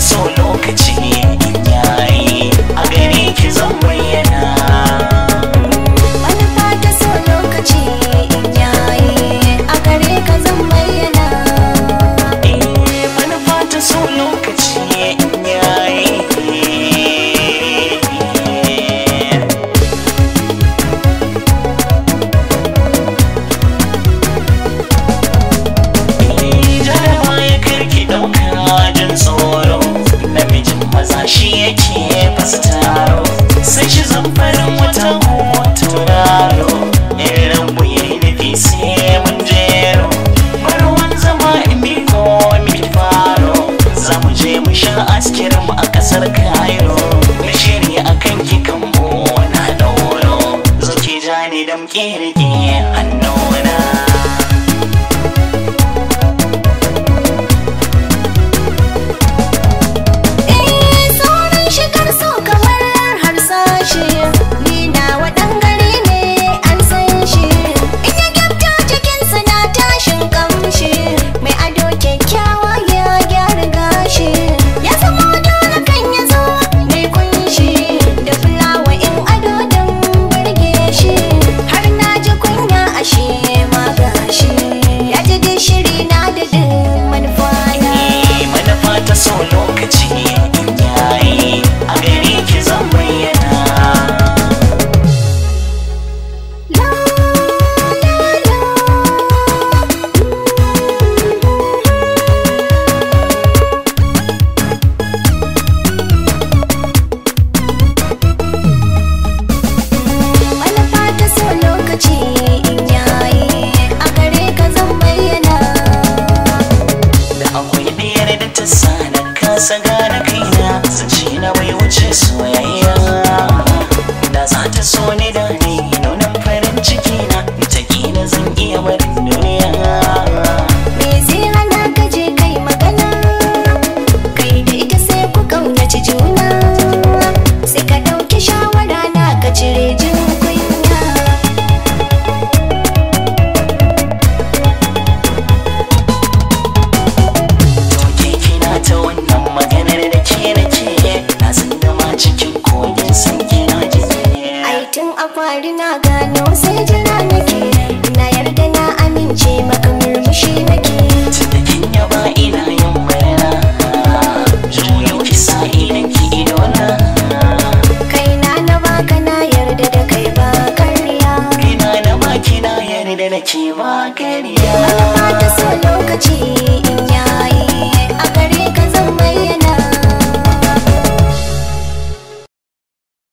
So. get it. ta sana kasa gane kaina zance na bai wuce soyayya da za ta so ni da faru na gano sai jira nake ina yarda na amince maka murmushi nake tunanin yaba ina yin murna juyo isa idan ki idona kaina na baka yarda da kai ba karya kaina na baki yarda da ke ba karya